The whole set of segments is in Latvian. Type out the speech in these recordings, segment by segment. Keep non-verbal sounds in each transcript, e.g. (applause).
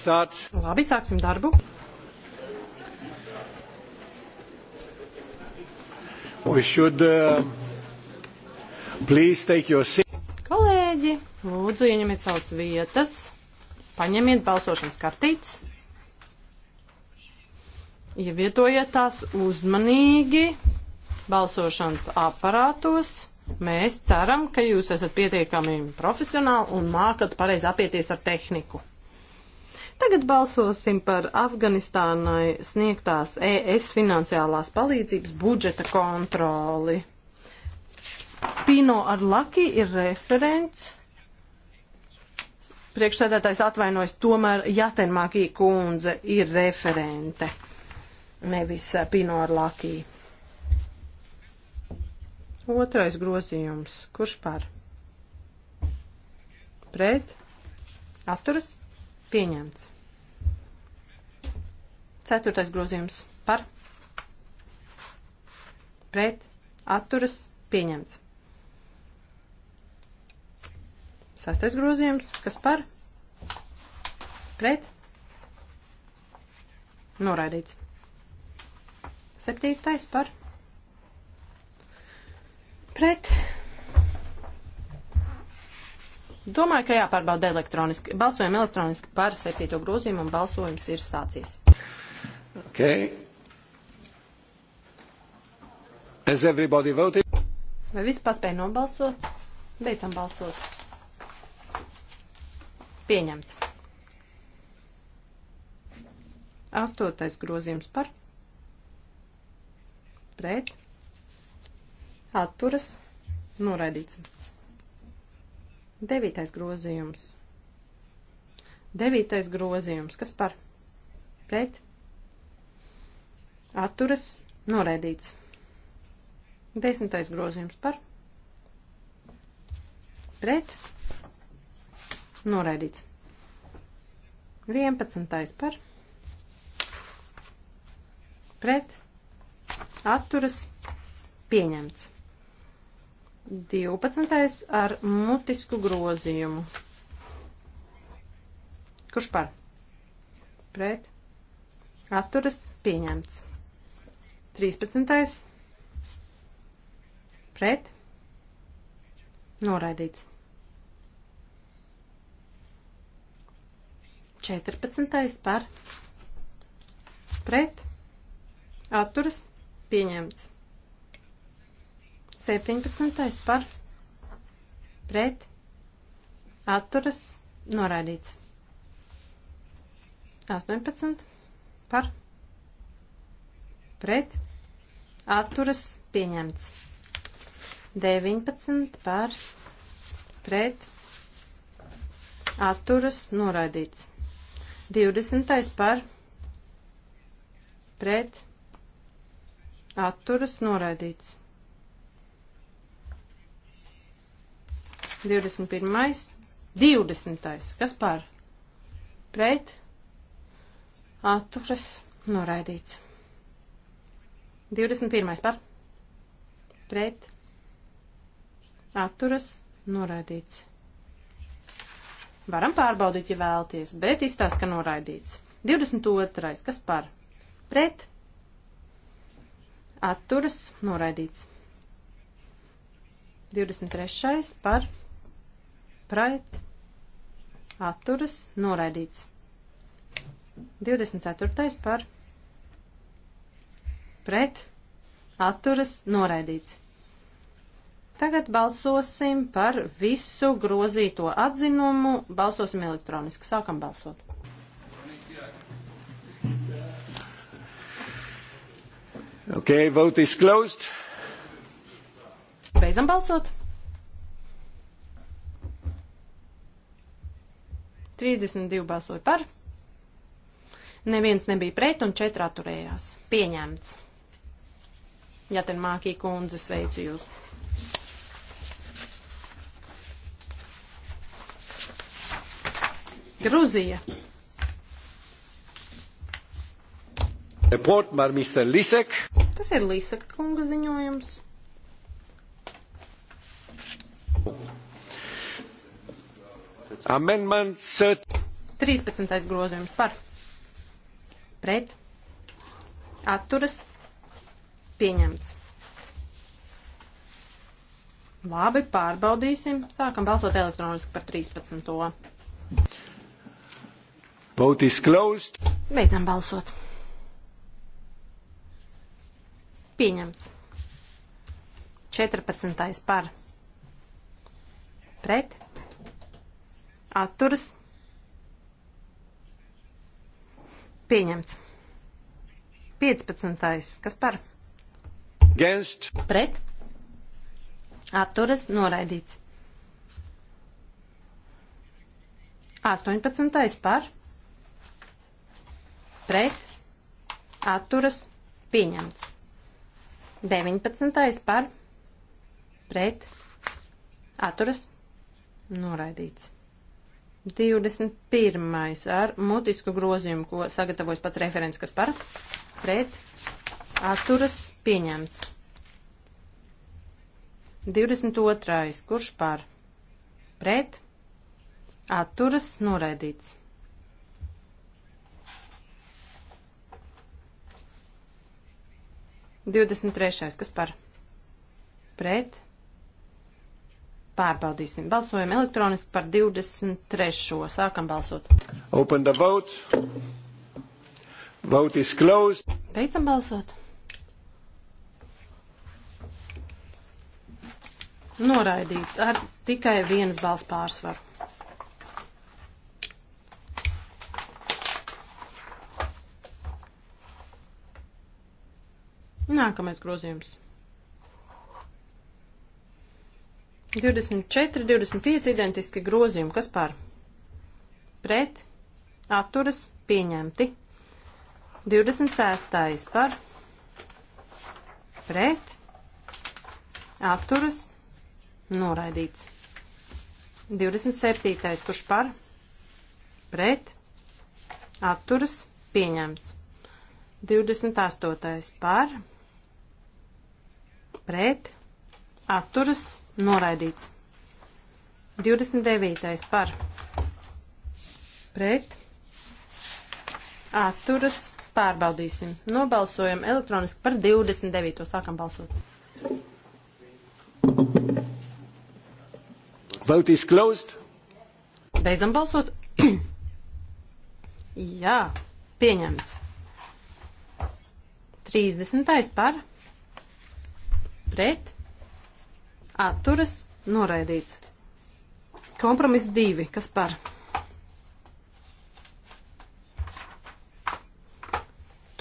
Start. Labi, sāksim darbu. We should, uh, please take your seat. Kolēģi, lūdzu, ieņemiet savas vietas, paņemiet balsošanas kartītes, ievietojiet tās uzmanīgi balsošanas aparātos. Mēs ceram, ka jūs esat pietiekami profesionāli un mākat pareizi apieties ar tehniku. Tagad balsosim par Afganistānai sniegtās ES finansiālās palīdzības budžeta kontroli. Pino ar Laki ir referents. Priekšsēdētājs atvainojas, tomēr Jatenmākī kundze ir referente, nevis eh, Pino ar Laki. Otrais grozījums. Kurš par? Pret? Atturas? Pieņemts. Ceturtais grozījums par pret atturas pieņemts. Sastais grozījums, kas par pret noraidīts. Septītais par pret. Domāju, ka jāpārbauda elektroniski. Balsojam elektroniski par septīto grozījumu un balsojums ir sācies. Okay. Has everybody voted? Vai visi paspēja nobalsot? Beidzam balsot. Pieņemts. Astotais grozījums par. Pret. Atturas. Noraidīts. Devītais grozījums. Devītais grozījums. Kas par? Pret atturas noraidīts. Desmitais grozījums par pret noraidīts. Vienpadsmitais par pret atturas pieņemts. 12. ar mutisku grozījumu. Kurš par? Pret. Atturas pieņemts. 13. pret noraidīts. 14. par pret atturas pieņemts. 17. par pret atturas noraidīts. 18. par pret pret atturas pieņemts. 19 par pret atturas noraidīts. 20 par pret atturas noraidīts. 21. 20. Kas par? Pret. Atturas. Noraidīts. 21. par pret atturas noraidīts. Varam pārbaudīt, ja vēlties, bet izstāst, ka noraidīts. 22. kas par pret atturas noraidīts. 23. par pret atturas noraidīts. 24. par pret pret atturas noraidīts. Tagad balsosim par visu grozīto atzinumu. Balsosim elektroniski. Sākam balsot. Okay, vote is closed. Beidzam balsot. 32 balsoja par, neviens nebija pret un 4 atturējās. Pieņemts. Jatenmākī kundze, sveicu jūs. Gruzija. Report by Mr. Lisek. Tas ir Lisek kunga ziņojums. Amendment 13. grozījums par pret atturas Pieņemts. Labi, pārbaudīsim. Sākam balsot elektroniski par 13. Vote is closed. Beidzam balsot. Pieņemts. 14. par. Pret. Atturs. Pieņemts. 15. kas par? Against. Pret. Atturas noraidīts. 18. par. Pret. Atturas pieņemts. 19. par. Pret. Atturas noraidīts. 21. ar mutisku grozījumu, ko sagatavojas pats referents, kas par pret atturas pieņemts. 22. Kurš par? Pret? Atturas noraidīts. Divdesmit trešais, kas par? Pret? Pārbaudīsim. Balsojam elektroniski par 23. Sākam balsot. Open the vote. Vote is closed. Beidzam balsot. Noraidīts ar tikai vienas balss pārsvaru. Nākamais grozījums. 24, 25 identiski grozījumi. Kas par? Pret, atturas, pieņemti. 26. par, pret, atturas, Noraidīts. 27. kurš par, pret, atturas, pieņemts. 28. par, pret, atturas, noraidīts. 29. par, pret, atturas, pārbaudīsim. Nobalsojam elektroniski par 29. sākam balsot. Thank you. Vote is closed. Beidzam balsot. (clears throat) Jā, pieņemts. 30. par pret atturas noraidīts. Kompromiss 2. Kas par?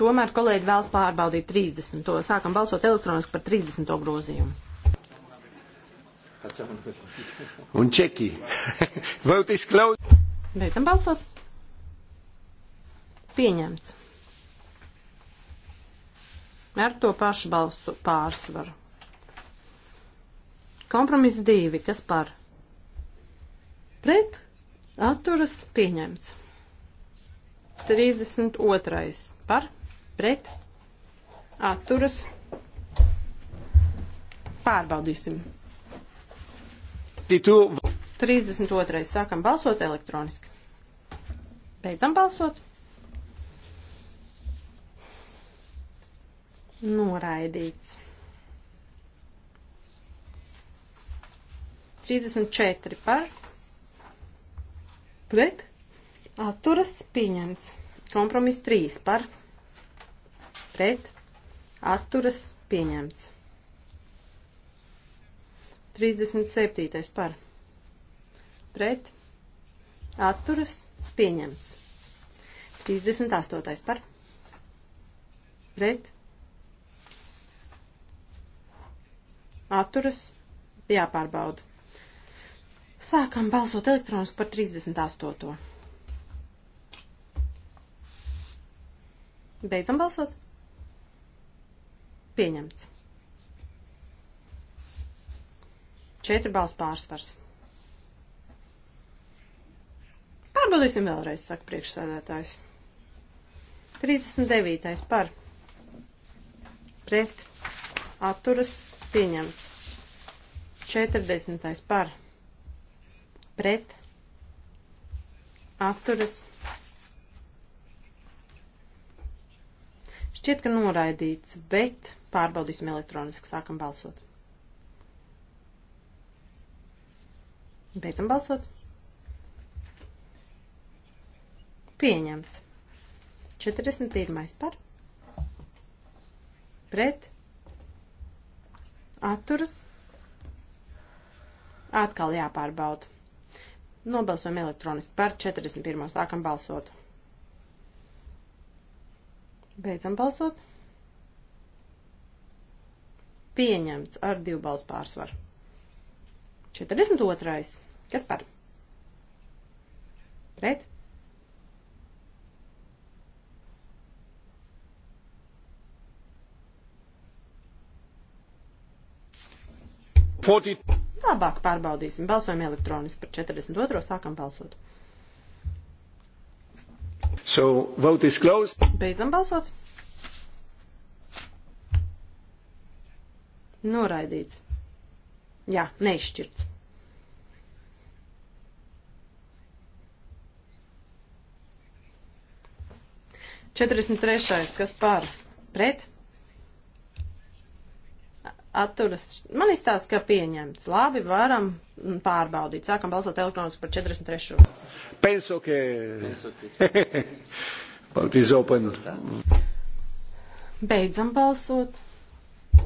Tomēr kolēģi vēlas pārbaudīt 30. Sākam balsot elektroniski par 30. grozījumu. Un čeki. (laughs) Vote is closed. Beidzam balsot. Pieņemts. Ar to pašu balsu pārsvaru. Kompromiss divi, kas par? Pret, atturas, pieņemts. 32. par, pret, atturas, pārbaudīsim. 32. 32. Sākam balsot elektroniski. Beidzam balsot. Noraidīts. 34 par. Pret. Atturas pieņemts. Kompromiss 3 par. Pret. Atturas pieņemts. 37. par pret atturas pieņemts. 38. par pret atturas jāpārbauda. Sākam balsot elektronisku par 38. Beidzam balsot. Pieņemts. Četri balss pārsvars. Pārbaudīsim vēlreiz, saka priekšsēdētājs. 39. par pret atturas pieņemts. 40. par pret atturas. Šķiet, ka noraidīts, bet pārbaudīsim elektroniski, sākam balsot. Beidzam balsot. Pieņemts. 41. par. Pret. Atturas. Atkal jāpārbauda. Nobalsojam elektroniski par 41. Sākam balsot. Beidzam balsot. Pieņemts ar divu balsu pārsvaru. 42. Kas par? Pret? Forty. Labāk pārbaudīsim. Balsojam elektroniski par 42. sākam balsot. So, vote is closed. Beidzam balsot. Noraidīts. Jā, neizšķirts. Četrdesmit trešais, kas par pret? Atturas. Man izstāsta, ka pieņemts. Labi, varam pārbaudīt. Sākam balsot elektroniski par 43. Penso, ka... Vote (laughs) is open. Beidzam balsot.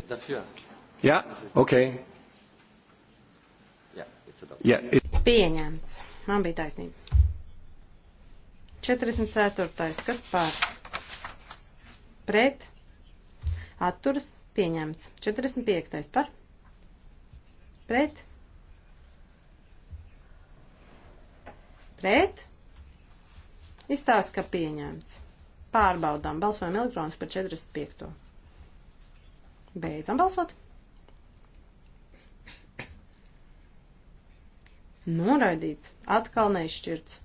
Dafür. Jā, yeah? ok. Yeah, it... Pieņemts. Man bija taisnība. 44. Kas pār? Pret. Atturas. Pieņemts. 45. Par. Pret. Pret. Izstāsta, ka pieņemts. Pārbaudām. Balsojam elektronis par 45. Beidzam balsot. Noraidīts. Atkal nešķirts.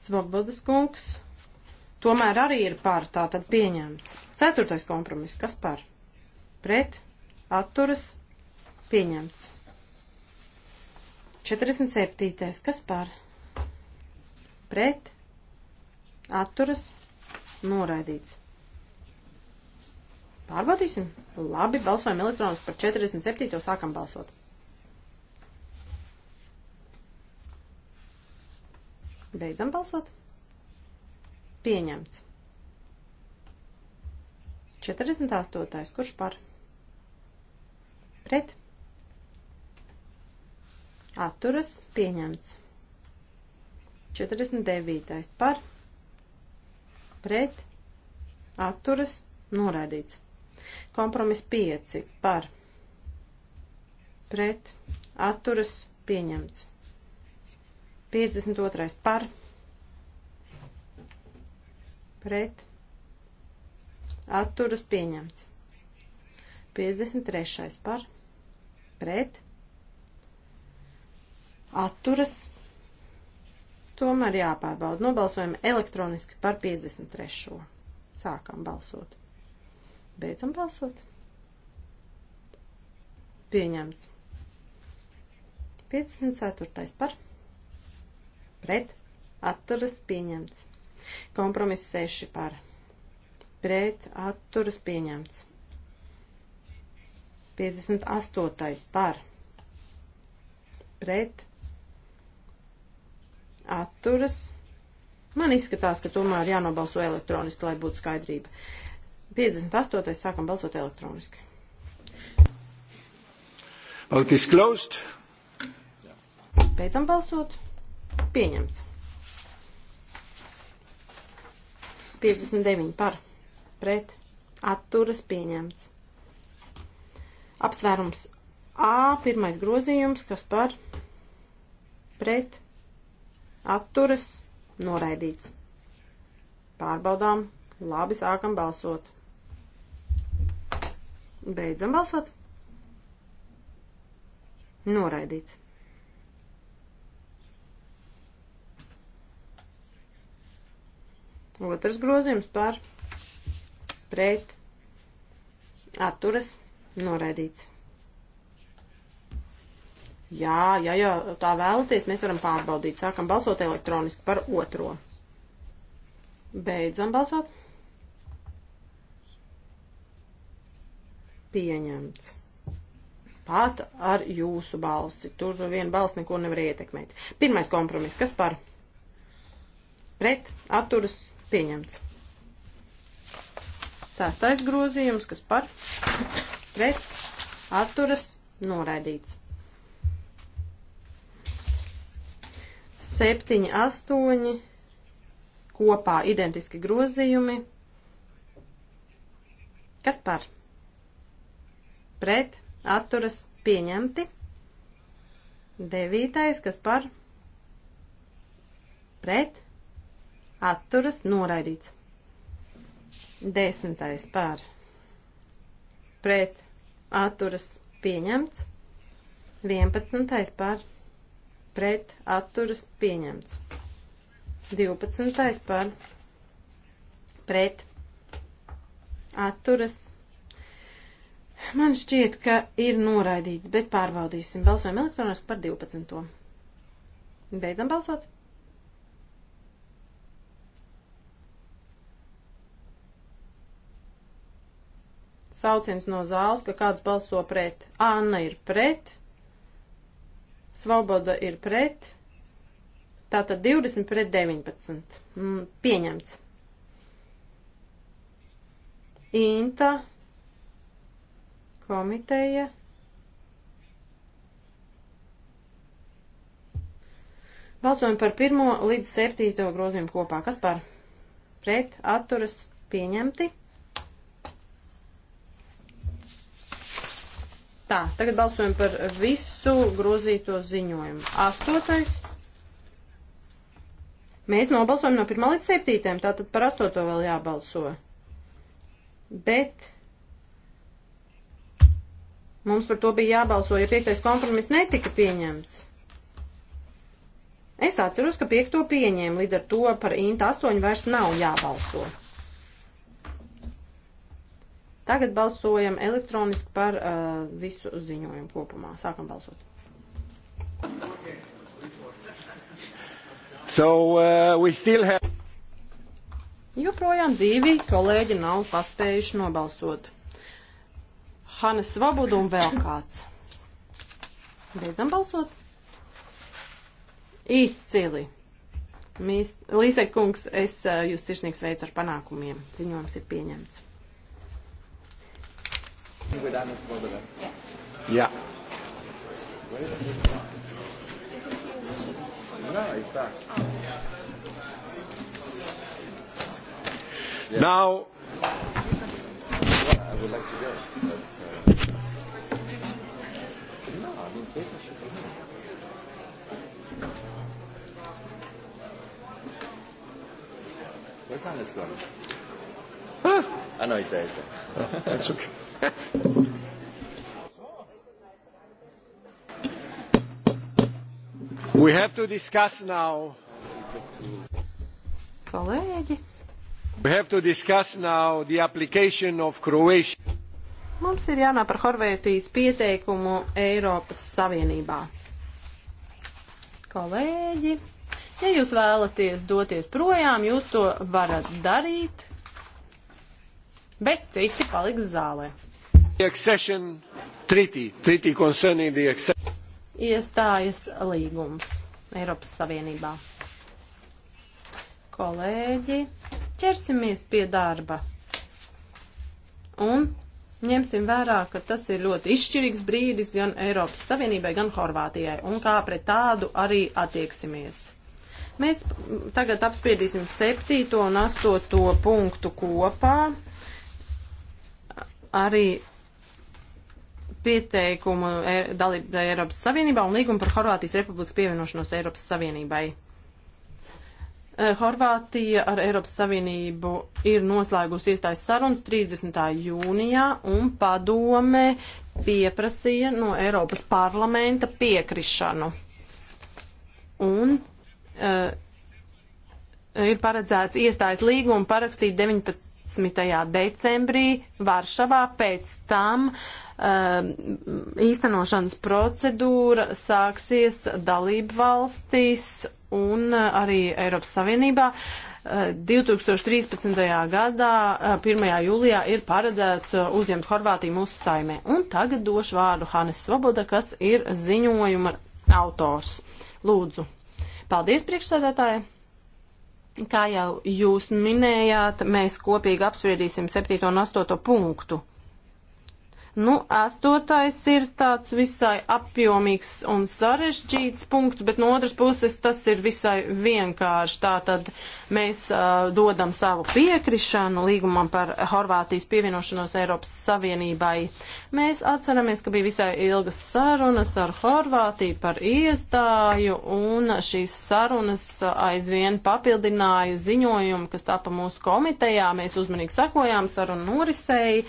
Svobodas kungs. Tomēr arī ir par, tā tad pieņemts. Ceturtais kompromiss, kas par? Pret, atturas, pieņemts. 47. kas par? Pret, atturas, noraidīts. Pārbaudīsim. Labi, balsojam elektronus par 47. sākam balsot. Beidzam balsot. Pieņemts. 48. Kurš par? Pret. Atturas. Pieņemts. 49. Par. Pret. Atturas. Noraidīts. Kompromis 5 par pret atturas pieņemts. 52. par pret atturas pieņemts. 53. par pret atturas tomēr jāpārbauda. Nobalsojam elektroniski par 53. Sākam balsot. Beidzam balsot. Pieņemts. 54. par. Pret. Atturas pieņemts. Kompromiss 6 par. Pret. Atturas pieņemts. 58. par. Pret. Atturas. Man izskatās, ka tomēr jānobalso elektroniski, lai būtu skaidrība. Uh, 58. sākam balsot elektroniski. Vote is closed. Beidzam balsot. Pieņemts. 59 par, pret, atturas pieņemts. Apsvērums A, pirmais grozījums, kas par, pret, atturas, noraidīts. Pārbaudām, labi sākam balsot. Beidzam balsot. Noraidīts. Otrs grozījums par pret atturas noraidīts. Jā, ja jau tā vēlaties, mēs varam pārbaudīt. Sākam balsot elektroniski par otro. Beidzam balsot. pieņemts. Pat ar jūsu balsi. Tur viena balss neko nevar ietekmēt. Pirmais kompromiss. Kas par? Pret atturas pieņemts. Sastais grozījums. Kas par? Pret atturas noraidīts. 7, 8 kopā identiski grozījumi. Kas par? pret atturas pieņemti. Devītais, kas par pret atturas noraidīts. Desmitais par pret atturas pieņemts. Vienpadsmitais par pret atturas pieņemts. Divpadsmitais par pret atturas pieņemts Man šķiet, ka ir noraidīts, bet pārbaudīsim. Balsojam elektroniski par 12. Beidzam balsot. Sauciens no zāles, ka kāds balso pret. Anna ir pret. Svoboda ir pret. Tātad 20 pret 19. Mm, pieņemts. Inta komiteja Balsojam par pirmo līdz septīto grozījumu kopā. Kas par? Pret atturas pieņemti. Tā, tagad balsojam par visu grozīto ziņojumu. Astotais. Mēs nobalsojam no pirmā līdz septītēm, tātad par astoto vēl jābalso. Bet Mums par to bija jābalso, ja piektais kompromiss netika pieņemts. Es atceros, ka piekto pieņēmu, līdz ar to par Inta 8 vairs nav jābalso. Tagad balsojam elektroniski par uh, visu ziņojumu kopumā. Sākam balsot. So, uh, we still have... Joprojām divi kolēģi nav paspējuši nobalsot. Hanes Svobodu un vēl kāds. Beidzam balsot. Izcili. Līsē kungs, es eh, jūs sirsnīgs veicu ar panākumiem. Ziņojums ir pieņemts. Jā. Yeah. Now, would like to go. But, uh, no, I mean, Peter should be here. Where's Hannes gone? Huh? I know he's there, he's there. Oh, that's okay. We have to discuss now. Kolēģi, Mums ir jānāk par Horvētijas pieteikumu Eiropas Savienībā. Kolēģi, ja jūs vēlaties doties projām, jūs to varat darīt, bet citi paliks zālē. Treaty, treaty Iestājas līgums Eiropas Savienībā. Kolēģi, ķersimies pie darba. Un ņemsim vērā, ka tas ir ļoti izšķirīgs brīdis gan Eiropas Savienībai, gan Horvātijai, un kā pret tādu arī attieksimies. Mēs tagad apspriedīsim 7. un 8. punktu kopā. Arī pieteikumu e, dalībai Eiropas Savienībā un līgumu par Horvātijas Republikas pievienošanos Eiropas Savienībai. Eh, Horvātija ar Eiropas Savienību ir noslēgusi iestājas sarunas 30. jūnijā un padome pieprasīja no Eiropas parlamenta piekrišanu. Un uh, ir paredzēts iestājas līgumu parakstīt 19. decembrī Varšavā, pēc tam uh, īstenošanas procedūra sāksies dalību valstīs un uh, arī Eiropas Savienībā. 2013. Uh, gadā, 1. Uh, jūlijā, ir paredzēts uzņemt Horvātiju mūsu saimē. Un tagad došu vārdu Hanes Svoboda, kas ir ziņojuma autors. Lūdzu. Paldies, priekšsēdētāji! Kā jau jūs minējāt, mēs kopīgi apspriedīsim 7. un 8. punktu. Nu, astotais ir tāds visai apjomīgs un sarežģīts punkts, bet no otras puses tas ir visai vienkārši. Tātad mēs uh, dodam savu piekrišanu līgumam par Horvātijas pievienošanos Eiropas Savienībai. Mēs atceramies, ka bija visai ilgas sarunas ar Horvātiju par iestāju, un šīs sarunas aizvien papildināja ziņojumu, kas tāpa mūsu komitejā. Mēs uzmanīgi sakojām sarunu norisēji.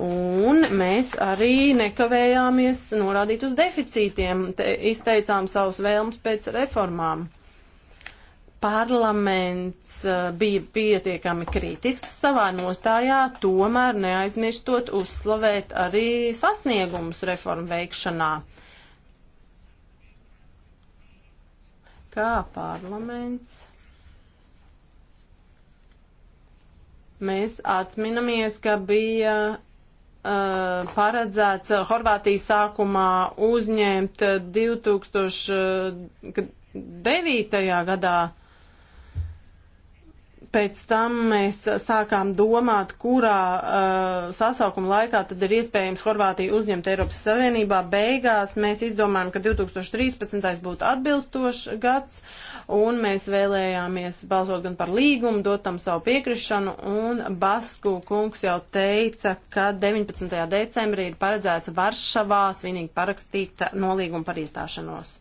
Un mēs arī nekavējāmies norādīt uz deficītiem, te, izteicām savus vēlmus pēc reformām. Parlaments eh, bija pietiekami kritisks savā nostājā, tomēr neaizmirstot uzslavēt arī sasniegumus reformu veikšanā. kā parlaments. Mēs atminamies, ka bija Uh, paredzēts uh, Horvātijas sākumā uzņemt uh, 2009. gadā pēc tam mēs sākām domāt, kurā uh, sasaukuma laikā tad ir iespējams Horvātiju uzņemt Eiropas Savienībā. Beigās mēs izdomājām, ka 2013. būtu atbilstošs gads, un mēs vēlējāmies balsot gan par līgumu, dot tam savu piekrišanu, un Basku kungs jau teica, ka 19. decembrī ir paredzēts Varšavā svinīgi parakstīt nolīgumu par iestāšanos.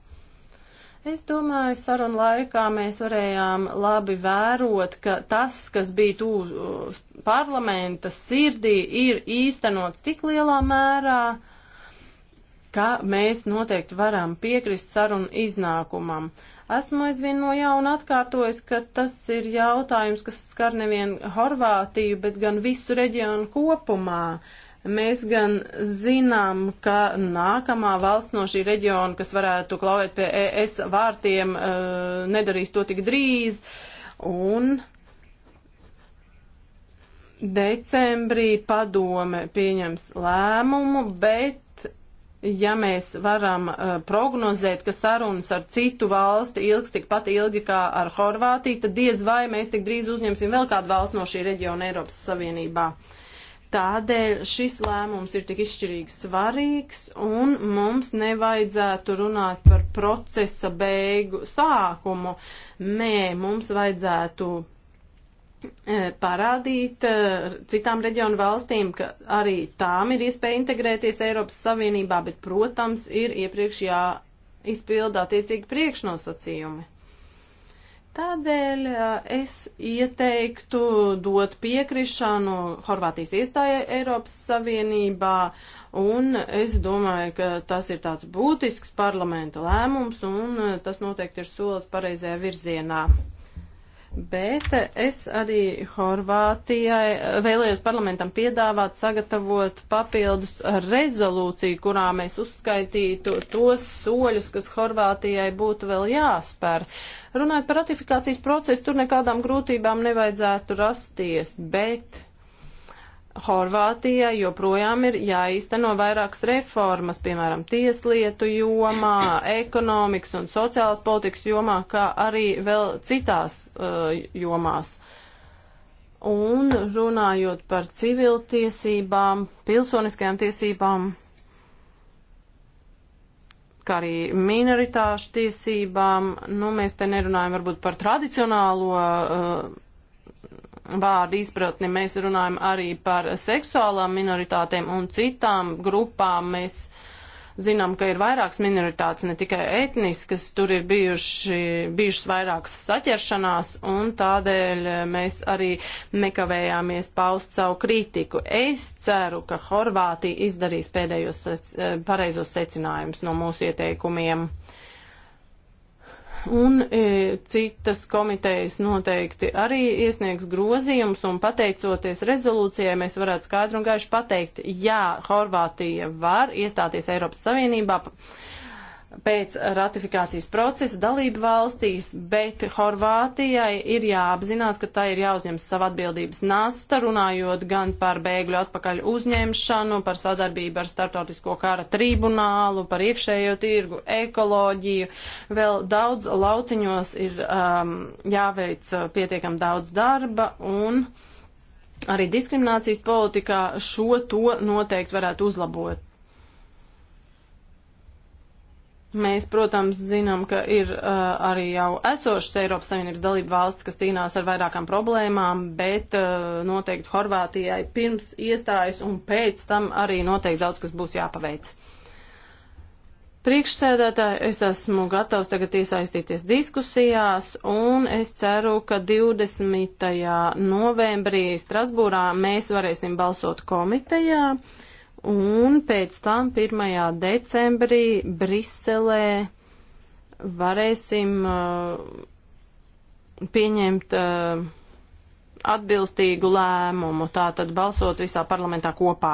Es domāju, sarunu laikā mēs varējām labi vērot, ka tas, kas bija tūs parlamenta sirdī, ir īstenots tik lielā mērā, ka mēs noteikti varam piekrist sarunu iznākumam. Esmu aizvien no jauna atkārtojis, ka tas ir jautājums, kas skar nevien Horvātiju, bet gan visu reģionu kopumā. Uh, Mēs gan zinām, ka nākamā valsts no šī reģiona, kas varētu klauvēt pie ES vārtiem, eh, nedarīs to tik drīz. Un decembrī padome pieņems lēmumu, bet ja mēs varam uh, prognozēt, ka sarunas ar citu valsti ilgs tikpat ilgi kā ar Horvātiju, tad diez vai mēs tik drīz uzņemsim vēl kādu valstu no šī reģiona Eiropas Savienībā. Uh, Tādēļ šis lēmums ir tik izšķirīgi svarīgs, un mums nevajadzētu runāt par procesa beigu sākumu. Nē, mums vajadzētu e, parādīt e, citām reģionu valstīm, ka arī tām ir iespēja integrēties Eiropas Savienībā, bet, protams, ir iepriekš jāizpilda attiecīgi priekšnosacījumi. Tādēļ es ieteiktu dot piekrišanu Horvātijas iestājai Eiropas Savienībā, un es domāju, ka tas ir tāds būtisks parlamenta lēmums, un tas noteikti ir solis pareizajā virzienā. Bet es arī Horvātijai vēlējos parlamentam piedāvāt sagatavot papildus rezolūciju, kurā mēs uzskaitītu tos soļus, kas Horvātijai būtu vēl jāspēr. Runājot par ratifikācijas procesu, tur nekādām grūtībām nevajadzētu rasties, bet Horvātijai joprojām ir jāīsteno vairākas reformas, piemēram, tieslietu jomā, ekonomikas un sociālas politikas jomā, kā arī vēl citās uh, jomās. Un runājot par civiltiesībām, pilsoniskajām tiesībām, kā arī minoritāšu tiesībām, nu, mēs te nerunājam varbūt par tradicionālo uh, vārdu izpratni, mēs runājam arī par seksuālām minoritātēm un citām grupām. Mēs zinām, ka ir vairākas minoritātes, ne tikai etniskas, tur ir bijuši, bijušas vairākas saķeršanās, un tādēļ mēs arī nekavējāmies paust savu kritiku. Es ceru, ka Horvātija izdarīs pēdējos pareizos secinājumus no mūsu ieteikumiem. Uh, un e, citas komitejas noteikti arī iesniegs grozījumus, un pateicoties rezolūcijai, mēs varētu skaidri un gaiši pateikt, jā, Horvātija var iestāties Eiropas Savienībā pēc ratifikācijas procesa dalību valstīs, bet Horvātijai ir jāapzinās, ka tā ir jāuzņemas savu atbildības nasta, runājot gan par bēgļu atpakaļ uzņemšanu, par sadarbību ar startautisko kara tribunālu, par iekšējo tirgu, ekoloģiju. Vēl daudz lauciņos ir um, jāveic uh, pietiekam daudz darba un arī diskriminācijas politikā šo to noteikti varētu uzlabot. Mēs, protams, zinām, ka ir uh, arī jau esošas Eiropas Savienības dalība valsts, kas cīnās ar vairākām problēmām, bet uh, noteikti Horvātijai pirms iestājas un pēc tam arī noteikti daudz, kas būs jāpaveic. Priekšsēdētāji, es esmu gatavs tagad iesaistīties diskusijās, un es ceru, ka 20. novembrī Strasbūrā mēs varēsim balsot komitejā. Uh, un pēc tam 1. decembrī Briselē varēsim uh, pieņemt uh, atbilstīgu lēmumu, tātad balsot visā parlamentā kopā.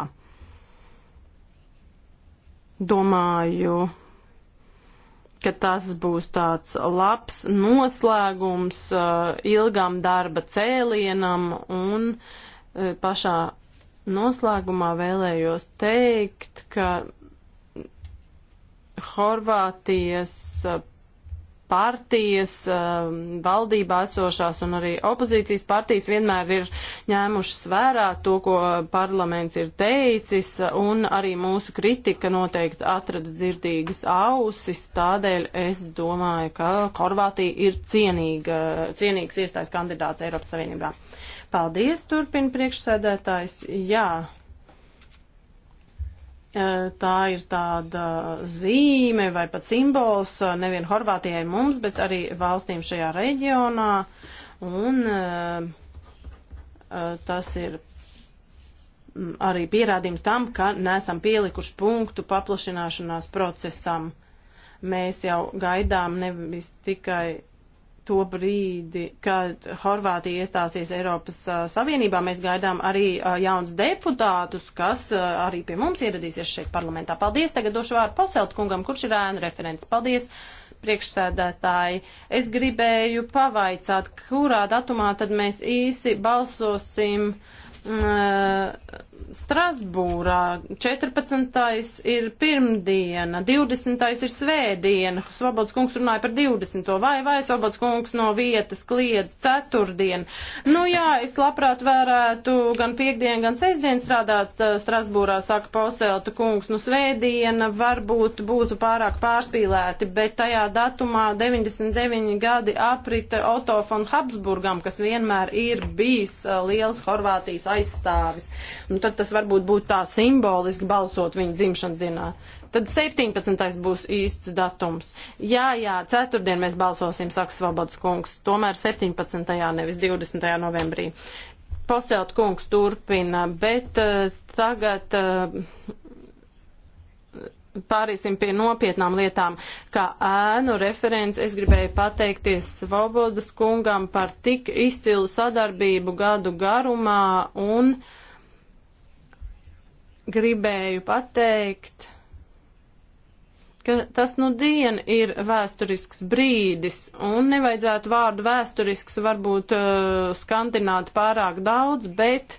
Domāju, ka tas būs tāds labs noslēgums uh, ilgam darba cēlienam un uh, pašā Noslēgumā vēlējos teikt, ka Horvātijas partijas valdībā esošās un arī opozīcijas partijas vienmēr ir ņēmušas vērā to, ko parlaments ir teicis, un arī mūsu kritika noteikti atrada dzirdīgas ausis. Tādēļ es domāju, ka Horvātija ir cienīga, cienīgs iestājas kandidāts Eiropas Savienībā. Paldies, turpina priekšsēdētājs. Jā, tā ir tāda zīme vai pat simbols nevien Horvātijai mums, bet arī valstīm šajā reģionā. Un tas ir arī pierādījums tam, ka nesam pielikuši punktu paplašināšanās procesam. Mēs jau gaidām nevis tikai to brīdi, kad Horvātija iestāsies Eiropas uh, Savienībā, mēs gaidām arī uh, jauns deputātus, kas uh, arī pie mums ieradīsies šeit parlamentā. Paldies, tagad došu vārdu Poselt kungam, kurš ir ēnu referents. Paldies, priekšsēdētāji. Es gribēju pavaicāt, kurā datumā tad mēs īsi balsosim. Uh, Strasbūrā 14. ir pirmdiena, 20. ir svētdiena. Svobods kungs runāja par 20. vai vai Svobods kungs no vietas kliedz ceturtdien. Nu jā, es labprāt vērētu gan piekdien, gan sestdien strādāt Strasbūrā, saka Pauselta kungs. Nu svētdiena varbūt būtu pārāk pārspīlēti, bet tajā datumā 99 gadi aprita Otto von Habsburgam, kas vienmēr ir bijis liels Horvātijas aizstāvis. Un nu, tad tas varbūt būtu tā simboliski balsot viņa dzimšanas dienā. Tad 17. būs īsts datums. Jā, jā, ceturtdien mēs balsosim, saka Svobods kungs, tomēr 17. nevis 20. novembrī. Poselt kungs turpina, bet uh, tagad. Uh, pāriesim pie nopietnām lietām. Kā ēnu referents es gribēju pateikties Svobodas kungam par tik izcilu sadarbību gadu garumā un uh, gribēju pateikt, ka tas nu diena ir vēsturisks brīdis, un nevajadzētu vārdu vēsturisks varbūt uh, skandināt pārāk daudz, bet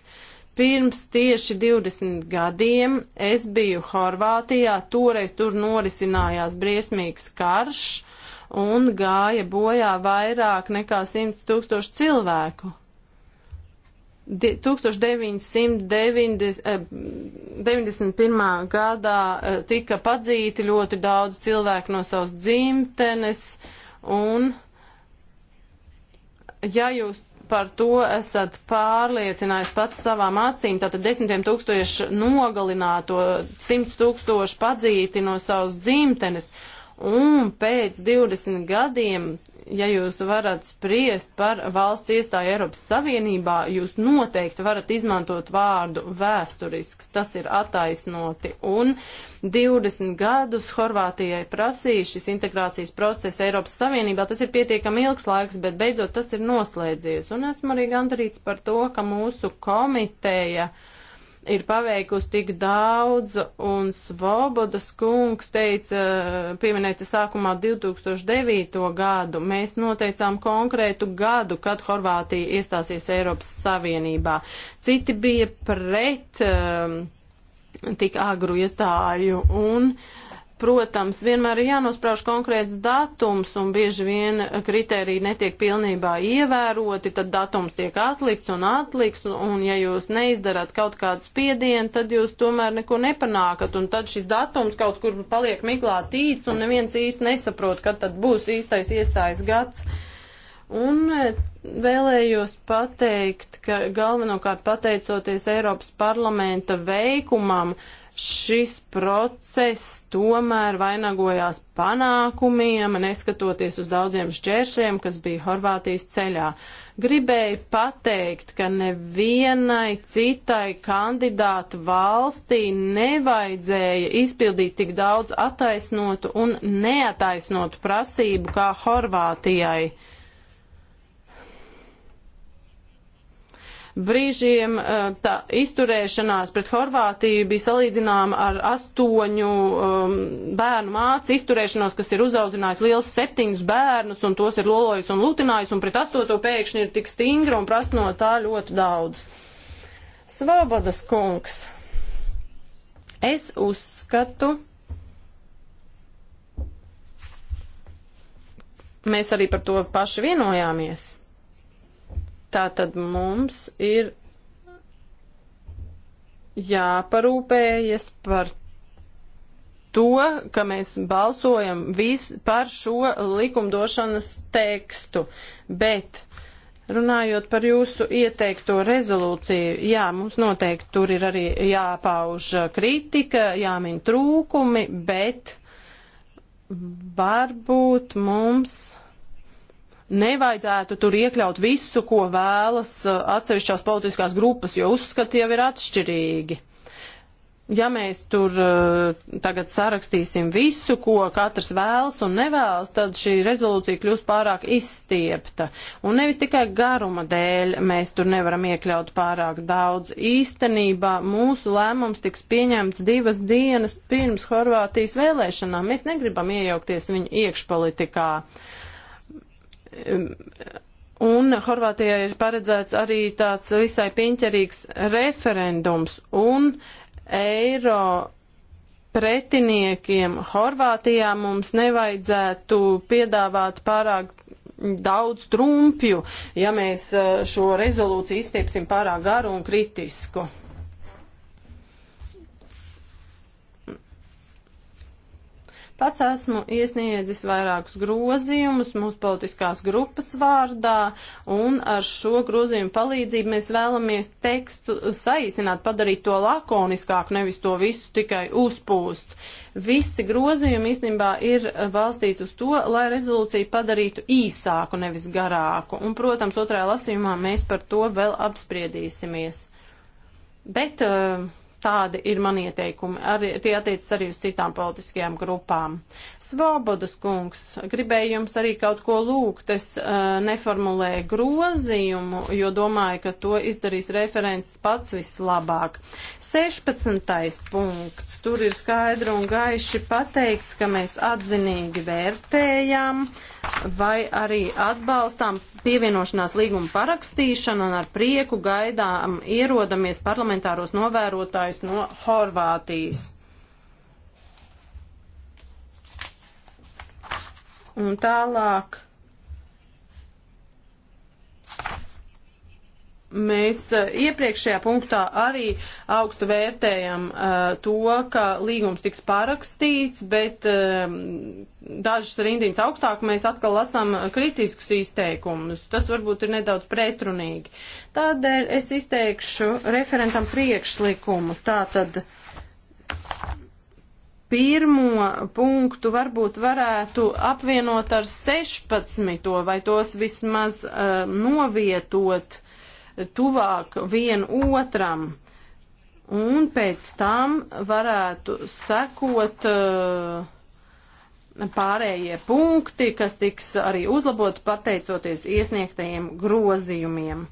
pirms tieši 20 gadiem es biju Horvātijā, toreiz tur norisinājās briesmīgs karš un gāja bojā vairāk nekā 100 tūkstoši cilvēku. 1991. Eh, gadā eh, tika padzīti ļoti daudz cilvēku no savas dzimtenes, un ja jūs par to esat pārliecinājis pats savām acīm, tātad desmitiem tūkstoši nogalināto, simt tūkstoši padzīti no savas dzimtenes, un pēc 20 gadiem ja jūs varat spriest par valsts iestāju Eiropas Savienībā, jūs noteikti varat izmantot vārdu vēsturisks, tas ir attaisnoti. Un 20 gadus Horvātijai prasīja šis integrācijas process Eiropas Savienībā, tas ir pietiekami ilgs laiks, bet beidzot tas ir noslēdzies. Un esmu arī gandarīts par to, ka mūsu komiteja uh, ir paveikusi tik daudz, un Svobodas kungs teica, pieminēta sākumā 2009. gadu, mēs noteicām konkrētu gadu, kad Horvātija iestāsies Eiropas Savienībā. Citi bija pret um, tik agru iestāju, un uh, Protams, vienmēr ir jānosprauž konkrēts datums, un bieži vien kriteriji netiek pilnībā ievēroti, tad datums tiek atlikts un atlikts, un ja jūs neizdarat kaut kādu spiedienu, tad jūs tomēr neko nepanākat, un tad šis datums kaut kur paliek miglā tīts, un neviens īsti nesaprot, kad tad būs īstais iestājas gads. Un eh, vēlējos pateikt, ka galvenokārt pateicoties Eiropas parlamenta veikumam, uh, šis process tomēr vainagojās panākumiem, neskatoties uz daudziem šķēršiem, kas bija Horvātijas ceļā. Gribēju pateikt, ka nevienai citai kandidātu valstī nevajadzēja izpildīt tik daudz attaisnotu un neataisnotu prasību kā Horvātijai. Brīžiem eh, tā izturēšanās pret Horvātiju bija salīdzināma ar astoņu um, bērnu māci izturēšanos, kas ir uzaudzinājis liels septiņus bērnus un tos ir lolojis un lutinājis, un pret astoto pēkšņi ir tik stingra un prasa no tā ļoti daudz. Svobodas kungs. Es uzskatu. mēs arī par to paši vienojāmies. Tātad mums ir jāparūpējas par to, ka mēs balsojam vis par šo likumdošanas tekstu, bet runājot par jūsu ieteikto rezolūciju, jā, mums noteikti tur ir arī jāpauž kritika, jāmin trūkumi, bet varbūt mums nevajadzētu tur iekļaut visu, ko vēlas uh, atsevišķās politiskās grupas, jo uzskati jau ir atšķirīgi. Ja mēs tur uh, tagad sarakstīsim visu, ko katrs vēlas un nevēlas, tad šī rezolūcija kļūs pārāk izstiepta. Un nevis tikai garuma dēļ mēs tur nevaram iekļaut pārāk daudz. Īstenībā mūsu lēmums tiks pieņemts divas dienas pirms Horvātijas vēlēšanām. Mēs negribam iejaukties viņu iekšpolitikā. Uh, Un Horvātijai ir paredzēts arī tāds visai piņķerīgs referendums un eiro pretiniekiem Horvātijā mums nevajadzētu piedāvāt pārāk daudz trumpju, ja mēs eh, šo rezolūciju izstiepsim pārāk garu un kritisku. Pats esmu iesniedzis vairākus grozījumus mūsu politiskās grupas vārdā, un ar šo grozījumu palīdzību mēs vēlamies tekstu saīsināt, padarīt to lakoniskāku, nevis to visu tikai uzpūst. Visi grozījumi īstenībā ir balstīti uz to, lai rezolūciju padarītu īsāku, nevis garāku. Un, protams, otrajā lasījumā mēs par to vēl apspriedīsimies. Bet uh, Tādi ir man ieteikumi. Arī, tie attiecas arī uz citām politiskajām grupām. Svobodas kungs, gribēju jums arī kaut ko lūgt. Es uh, neformulēju grozījumu, jo domāju, ka to izdarīs referents pats vislabāk. 16. punkts. Tur ir skaidri un gaiši pateikts, ka mēs atzinīgi vērtējam vai arī atbalstām pievienošanās līguma parakstīšanu un ar prieku gaidām ierodamies parlamentāros novērotājus ieradies no Horvātijas. Un tālāk Mēs eh, iepriekšējā punktā arī augstu vērtējam uh, to, ka līgums tiks parakstīts, bet uh, dažas rindiņas augstāk mēs atkal lasām kritiskus izteikumus. Tas varbūt ir nedaudz pretrunīgi. Tādēļ es izteikšu referentam priekšlikumu. Tātad pirmo punktu varbūt varētu apvienot ar 16. vai tos vismaz uh, novietot tuvāk vien otram. Un pēc tam varētu sekot uh, pārējie punkti, kas tiks arī uzlabot pateicoties iesniegtajiem grozījumiem.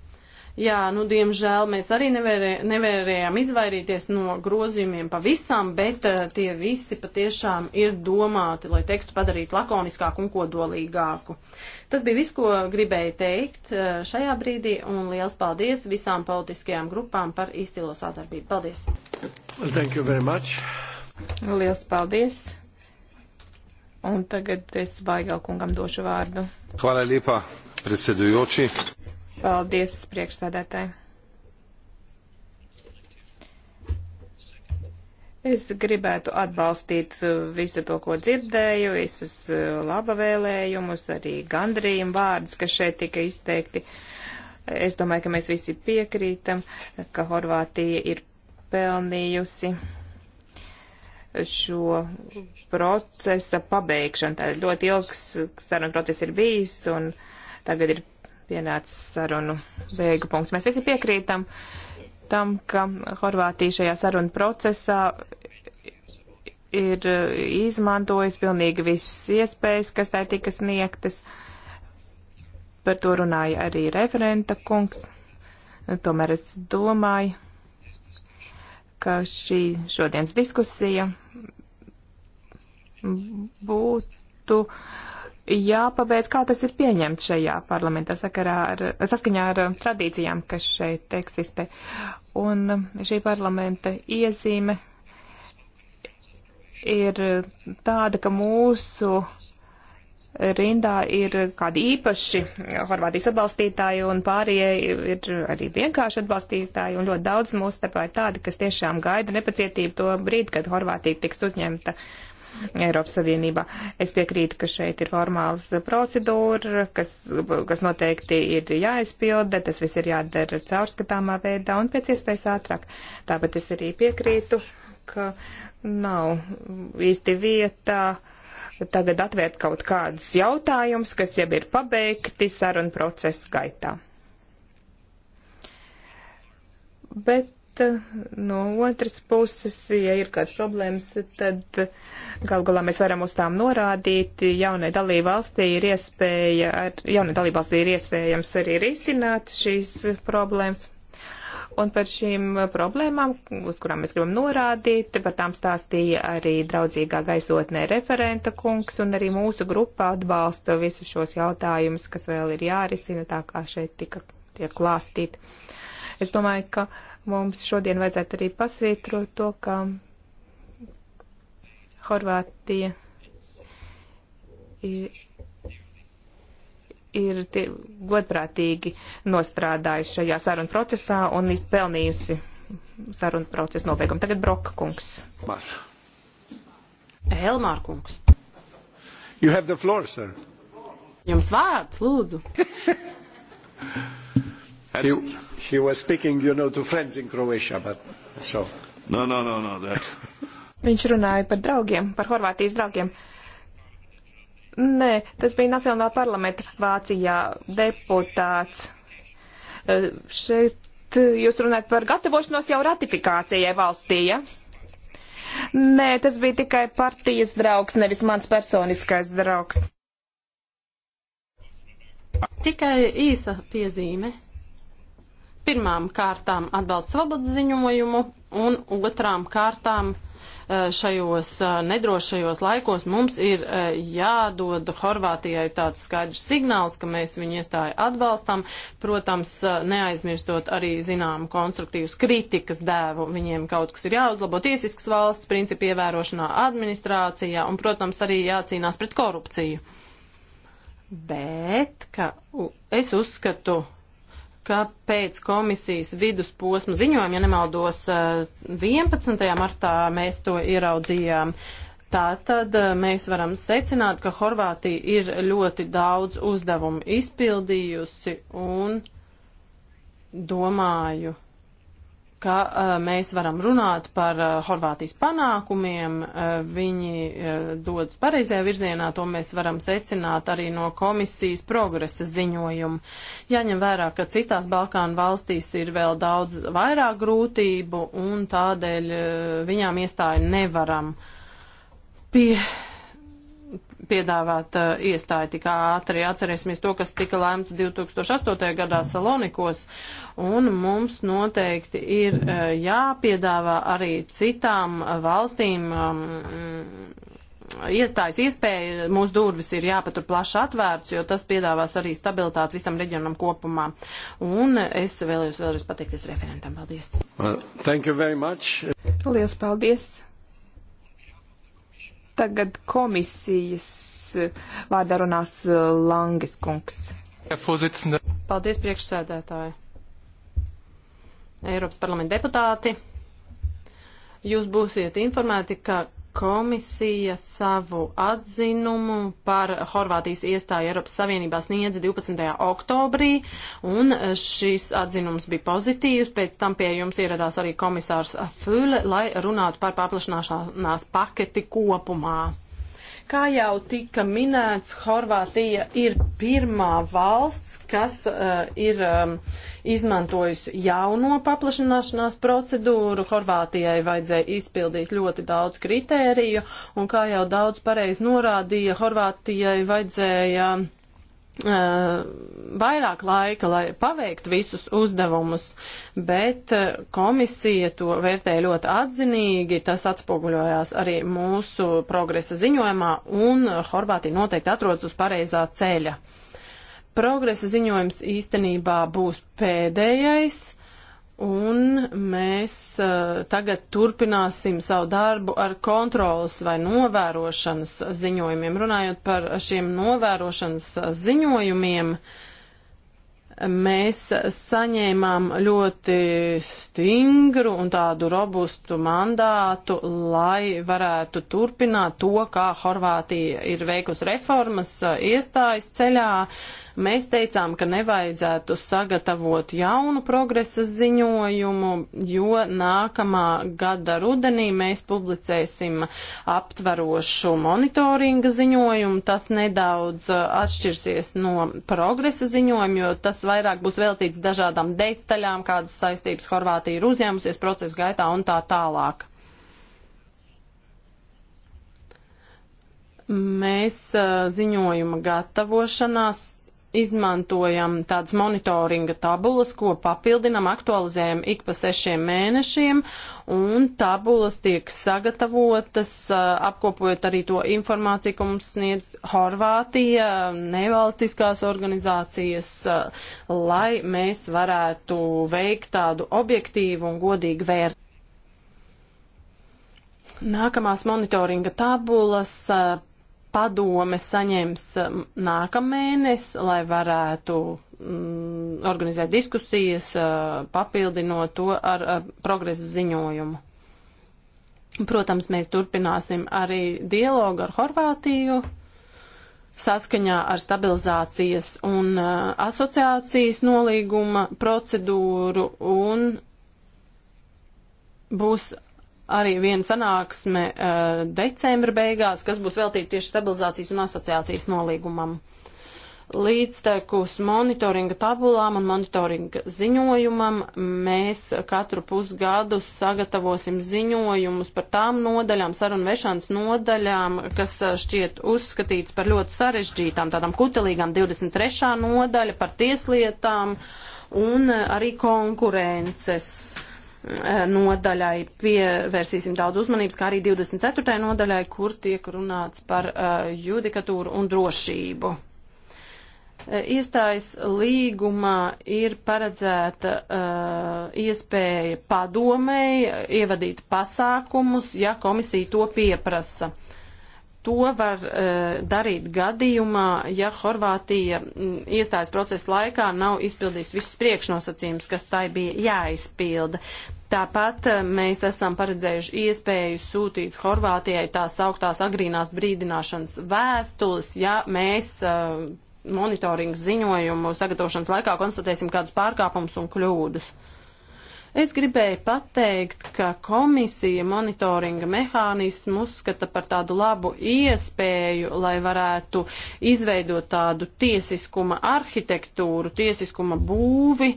Jā, nu, diemžēl mēs arī nevarē, nevarējām izvairīties no grozījumiem pavisam, bet uh, tie visi patiešām ir domāti, lai tekstu padarītu lakoniskāku un kodolīgāku. Tas bija viss, ko gribēju teikt uh, šajā brīdī, un liels paldies visām politiskajām grupām par izcilo sadarbību. Paldies! Thank you very much! Liels paldies! Un tagad es Vaigal kungam došu vārdu. Hvala lepa, predsedujoči. Paldies priekšstādētāji. Es gribētu atbalstīt uh, visu to, ko dzirdēju, visus uh, laba vēlējumus, arī gandrījumu vārdus, kas šeit tika izteikti. Es domāju, ka mēs visi piekrītam, ka Horvātija ir pelnījusi šo procesa pabeigšanu. Tā ļoti ilgs saruna process ir bijis, un tagad ir pienācis sarunu beigu punkts. Mēs visi piekrītam tam, ka Horvātija šajā sarunu procesā ir eh, izmantojis pilnīgi visas iespējas, kas tai tika sniegtas. Par to runāja arī referenta kungs. Tomēr es domāju, ka šī šodienas diskusija būtu uh, jāpabeidz, kā tas ir pieņemts šajā parlamentā sakarā ar, saskaņā ar tradīcijām, kas šeit eksistē. Un šī parlamenta iezīme ir tāda, ka mūsu rindā ir kādi īpaši Horvātijas atbalstītāji un pārējie ir arī vienkārši atbalstītāji un ļoti daudz mūsu starpā ir tādi, kas tiešām gaida nepacietību to brīdi, kad Horvātija tiks uzņemta Eiropas Savienībā. Es piekrītu, ka šeit ir formāls procedūra, kas, kas noteikti ir jāizpilda, tas viss ir jādara caurskatāmā veidā un pēc iespējas ātrāk. Tāpat es arī piekrītu, ka nav īsti vietā tagad atvērt kaut kādus jautājumus, kas jau ir pabeigti sarunu procesu gaitā. Bet Eh, no otras puses, ja ir kāds problēmas, tad eh, gal galā mēs varam uz tām norādīt. Jaunai dalībvalstī ir iespēja, ar, jaunai dalībvalstī ir iespējams arī risināt šīs problēmas. Un par šīm problēmām, uz kurām mēs gribam norādīt, par tām stāstīja arī draudzīgā gaisotnē referenta kungs, un arī mūsu grupa atbalsta visus šos jautājumus, kas vēl ir jārisina, tā kā šeit tika tiek klāstīt. Es domāju, ka uh, Mums šodien vajadzētu arī pasvītrot to, ka Horvātija ir, ir tie, godprātīgi nostrādājusi šajā sarunu procesā un ir pelnījusi sarunu procesu nobeigumu. Tagad Broka kungs. Mar. Elmār kungs. You have the floor, sir. Jums vārds, lūdzu. (laughs) He, She was speaking, you know, to friends in Croatia, but so. No, no, no, no, that. Viņš runāja par draugiem, par Horvātijas draugiem. Nē, tas bija Nacionālā parlamenta Vācijā deputāts. Eh, šeit jūs runājat par gatavošanos jau ratifikācijai valstī, ja? Nē, tas bija tikai partijas draugs, nevis mans personiskais draugs. Tikai īsa piezīme pirmām kārtām atbalsta svabodas ziņojumu un otrām kārtām e, šajos e, nedrošajos laikos mums ir e, jādod Horvātijai tāds skaidrs signāls, ka mēs viņu iestāju atbalstam, protams, neaizmirstot arī zināmu konstruktīvas kritikas dēvu. Viņiem kaut kas ir jāuzlabo tiesisks valsts principu ievērošanā administrācijā un, protams, arī jācīnās pret korupciju. Bet, ka es uzskatu, ka pēc komisijas vidusposma ziņojuma, ja nemaldos, 11. Eh, martā mēs to ieraudzījām. Tātad eh, mēs varam secināt, ka Horvātija ir ļoti daudz uzdevumu izpildījusi un domāju, ka uh, mēs varam runāt par uh, Horvātijas panākumiem, uh, viņi uh, dodas pareizajā virzienā, to mēs varam secināt arī no komisijas progresa ziņojuma. Jāņem vērā, ka citās Balkānu valstīs ir vēl daudz vairāk grūtību un tādēļ uh, viņām iestāju nevaram pie piedāvāt uh, iestāju tik ātri. Atcerēsimies to, kas tika lēmts 2008. gadā Salonikos, un mums noteikti ir uh, jāpiedāvā arī citām valstīm. Um, Iestājas iespēja, mūsu durvis ir jāpatur plaši atvērts, jo tas piedāvās arī stabilitāti visam reģionam kopumā. Un es vēlējos vēlreiz pateikties referentam. Paldies! Uh, thank you very much! Lielas paldies! Tagad komisijas eh, vārdā runās eh, Langis kungs. Paldies, priekšsēdētāji. Eiropas parlamenta deputāti. Jūs būsiet informēti, ka komisija savu atzinumu par Horvātijas iestāju Eiropas Savienībā sniedza 12. oktobrī, un šis atzinums bija pozitīvs. Pēc tam pie jums ieradās arī komisārs Füle, lai runātu par paplašināšanās paketi kopumā. Kā jau tika minēts, Horvātija ir pirmā valsts, kas uh, ir um, izmantojusi jauno paplašanāšanās procedūru. Horvātijai vajadzēja izpildīt ļoti daudz kritēriju, un kā jau daudz pareiz norādīja, Horvātijai vajadzēja. Uh, Eh, vairāk laika, lai paveiktu visus uzdevumus, bet eh, komisija to vērtēja ļoti atzinīgi. Tas atspoguļojās arī mūsu progresa ziņojumā, un Horvātija noteikti atrodas uz pareizā ceļa. Progresa ziņojums īstenībā būs pēdējais. Uh, Un mēs uh, tagad turpināsim savu darbu ar kontrolas vai novērošanas ziņojumiem. Runājot par šiem novērošanas ziņojumiem, mēs saņēmām ļoti stingru un tādu robustu mandātu, lai varētu turpināt to, kā Horvātija ir veikusi reformas uh, iestājas ceļā. Uh, Mēs teicām, ka nevajadzētu sagatavot jaunu progresa ziņojumu, jo nākamā gada rudenī mēs publicēsim aptverošu monitoringa ziņojumu. Tas nedaudz uh, atšķirsies no progresa ziņojuma, jo tas vairāk būs veltīts dažādām detaļām, kādas saistības Horvātija ir uzņēmusies procesa gaitā un tā tālāk. Mēs uh, ziņojuma gatavošanās izmantojam tādas monitoringa tabulas, ko papildinam, aktualizējam ik pa sešiem mēnešiem, un tabulas tiek sagatavotas, apkopojot arī to informāciju, ko mums sniedz Horvātija, nevalstiskās organizācijas, lai mēs varētu veikt tādu objektīvu un godīgu vērtību. Nākamās monitoringa tabulas padome saņems nākamēnes, lai varētu mm, organizēt diskusijas, papildinot to ar, ar progresa ziņojumu. Protams, mēs turpināsim arī dialogu ar Horvātiju saskaņā ar stabilizācijas un asociācijas nolīguma procedūru un būs arī viena sanāksme uh, decembra beigās, kas būs veltīta tieši stabilizācijas un asociācijas nolīgumam. Līdztekus monitoringa tabulām un monitoringa ziņojumam mēs katru pusgadu sagatavosim ziņojumus par tām nodaļām, sarunvešanas nodaļām, kas eh, šķiet uzskatīts par ļoti sarežģītām, tādām kutelīgām 23. nodaļa par tieslietām un eh, arī konkurences. Uh, nodaļai pievērsīsim daudz uzmanības, kā arī 24. nodaļai, kur tiek runāts par uh, judikatūru un drošību. Iestājas līgumā ir paredzēta uh, iespēja padomēji ievadīt pasākumus, ja komisija to pieprasa. To var uh, darīt gadījumā, ja Horvātija mm, iestājas procesa laikā nav izpildījis visus priekšnosacījumus, kas tai bija jāizpilda. Tāpat uh, mēs esam paredzējuši iespēju sūtīt Horvātijai tās augtās agrīnās brīdināšanas vēstules, ja mēs uh, monitoringa ziņojumu sagatavošanas laikā konstatēsim kādus pārkāpumus un kļūdas. Es gribēju pateikt, ka komisija monitoringa mehānismu uzskata par tādu labu iespēju, lai varētu izveidot tādu tiesiskuma arhitektūru, tiesiskuma būvi,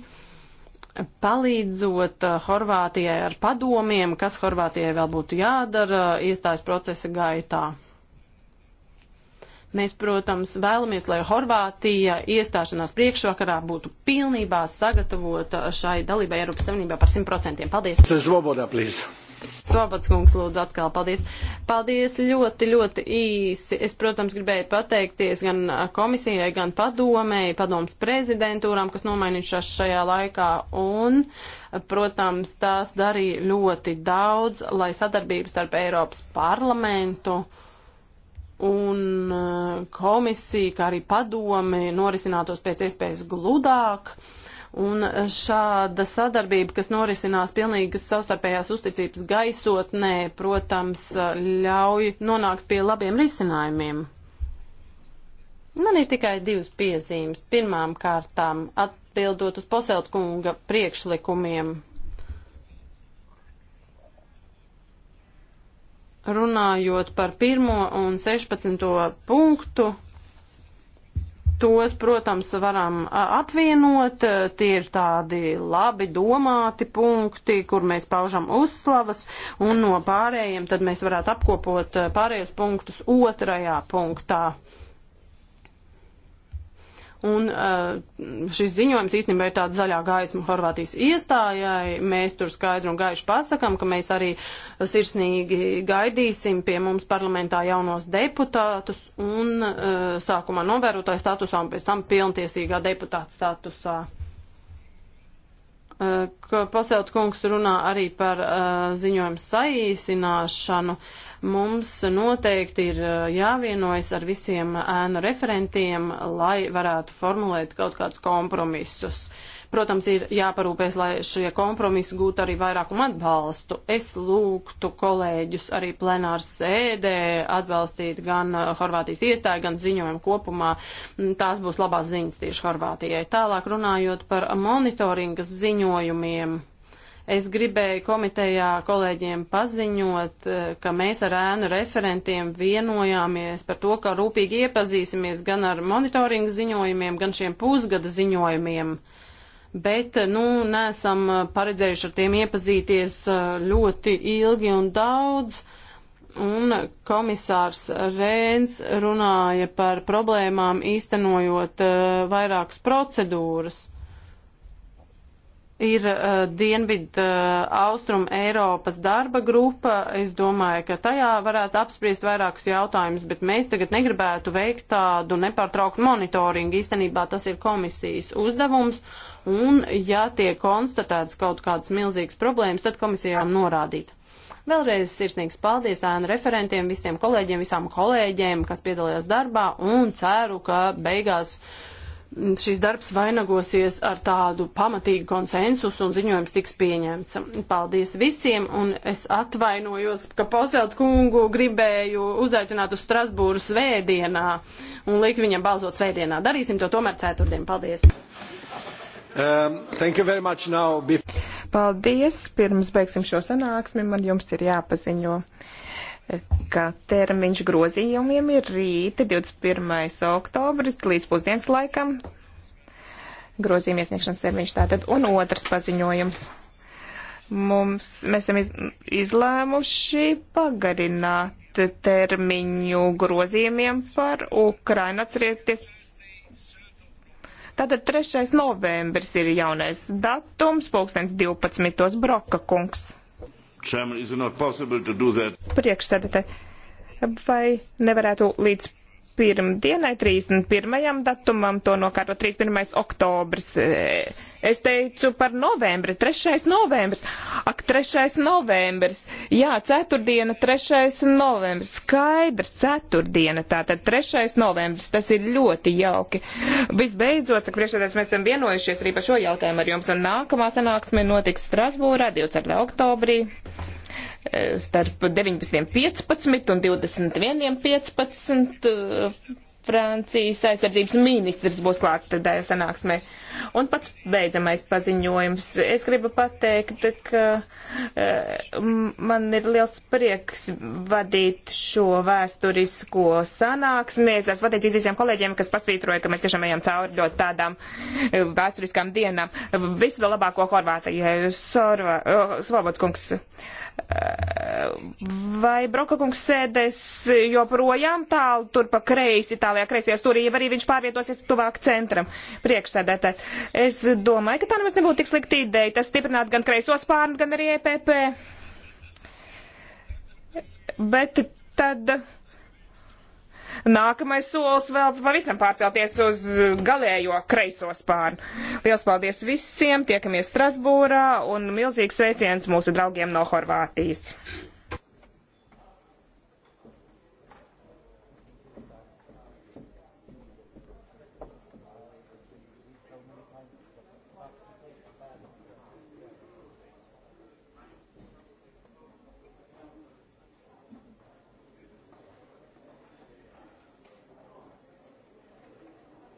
palīdzot uh, Horvātijai ar padomiem, kas Horvātijai vēl būtu jādara iestājas procesa gaitā. Mēs, protams, vēlamies, lai Horvātija iestāšanās priekšvakarā būtu pilnībā sagatavota šai dalībai Eiropas Savienībā par 100%. Paldies! Svoboda, please! Svobods kungs, lūdzu, atkal paldies. Paldies ļoti, ļoti īsi. Es, protams, gribēju pateikties gan komisijai, gan padomēji, padoms prezidentūram, kas nomainījušās šajā laikā. Un, protams, tās darīja ļoti daudz, lai sadarbības starp Eiropas parlamentu un uh, komisija, kā arī padomi norisinātos pēc iespējas gludāk. Un šāda sadarbība, kas norisinās pilnīgas savstarpējās uzticības gaisotnē, protams, uh, ļauj nonākt pie labiem risinājumiem. Man ir tikai divas piezīmes. Pirmām kārtām atbildot uz Poseltkunga priekšlikumiem runājot par 1 un 16 punktu, tos, protams, varam apvienot. Tie ir tādi labi domāti punkti, kur mēs paužam uzslavas, un no pārējiem tad mēs varētu apkopot pārējos punktus otrajā punktā. Un uh, šis ziņojums īstenībā ir tāda zaļā gaisma Horvātijas iestājai. Mēs tur skaidru un gaišu pasakam, ka mēs arī sirsnīgi gaidīsim pie mums parlamentā jaunos deputātus un uh, sākumā novērotāju statusā un pēc tam pilntiesīgā deputāta statusā. Uh, Paselt kungs runā arī par ziņojumu saīsināšanu. Uh, Mums noteikti ir eh, jāvienojas ar visiem ēnu referentiem, lai varētu formulēt kaut kādus kompromisus. Protams, ir jāparūpēs, lai šie kompromisi gūtu arī vairākumu atbalstu. Es lūgtu kolēģus arī plenārs sēdē atbalstīt gan eh, Horvātijas iestāju, gan ziņojumu kopumā. Mm, tās būs labās ziņas tieši Horvātijai. Tālāk runājot par monitoringas ziņojumiem. Es gribēju komitejā kolēģiem paziņot, eh, ka mēs ar ēnu referentiem vienojāmies par to, ka rūpīgi iepazīsimies gan ar monitoringu ziņojumiem, gan šiem pusgada ziņojumiem. Bet, nu, nesam paredzējuši ar tiem iepazīties eh, ļoti ilgi un daudz un komisārs Rēns runāja par problēmām īstenojot uh, vairākas procedūras ir uh, Dienvidu uh, Austrum Eiropas darba grupa. Es domāju, ka tajā varētu apspriest vairākus jautājumus, bet mēs tagad negribētu veikt tādu nepārtrauktu monitoringu. Īstenībā tas ir komisijas uzdevums, un ja tiek konstatēts kaut kādas milzīgas problēmas, tad komisijām norādīt. Vēlreiz sirsnīgs paldies ēnu referentiem, visiem kolēģiem, visām kolēģiem, kas piedalījās darbā, un ceru, ka beigās uh, šīs darbs vainagosies ar tādu pamatīgu konsensusu un ziņojums tiks pieņemts. Paldies visiem un es atvainojos, ka Pauselt kungu gribēju uzaicināt uz Strasbūru svētdienā un likt viņam balsot svētdienā. Darīsim to tomēr ceturtdien. Paldies! Um, now, Paldies! Pirms beigsim šo sanāksmi, man jums ir jāpaziņo ka termiņš grozījumiem ir rīta 21. oktobris līdz pusdienas laikam. Grozījuma iesniegšanas termiņš tātad. Un otrs paziņojums. Mums, mēs esam iz, izlēmuši pagarināt termiņu grozījumiem par Ukrainu. Atcerieties, Tātad 3. novembris ir jaunais datums, pulkstens 12. broka kungs. Priekšsēdētāji, vai nevarētu līdz pirmdienai, 31. datumam, to nokārto 31. oktobris. E, es teicu par novembri, 3. novembris. Ak, 3. novembris. Jā, ceturtdiena, 3. novembris. Skaidrs, ceturtdiena, tātad 3. novembris. Tas ir ļoti jauki. Visbeidzot, saka priekšsēdēs, mēs esam vienojušies arī par šo jautājumu ar jums, un nākamā sanāksme notiks Strasbūrā 24. oktobrī. Eh, starp 19.15 un 21.15. Eh, Francijas aizsardzības ministrs būs klāt tādā sanāksmē. Un pats beidzamais paziņojums. Es gribu pateikt, ka uh, man ir liels prieks vadīt šo vēsturisko sanāksmi. Es esmu pateicīgs visiem kolēģiem, kas pasvītroja, ka mēs tiešām ejam cauri ļoti tādām vēsturiskām dienām. Visu to labāko Horvātijai. Sorva, uh, Svobodskungs. Uh, Vai Brokakungs sēdēs joprojām tālu tur pa kreisi, tālajā kreisajā stūrī, ja arī viņš pārvietosies tuvāk centram priekšsēdētāji? Es domāju, ka tā nemaz nebūtu tik slikta ideja. Tas stiprināt gan kreiso spārnu, gan arī EPP. Bet tad nākamais solis vēl pavisam pārcelties uz galējo kreiso spārnu. Lielas paldies visiem, tiekamies Strasbūrā un milzīgs sveiciens mūsu draugiem no Horvātijas.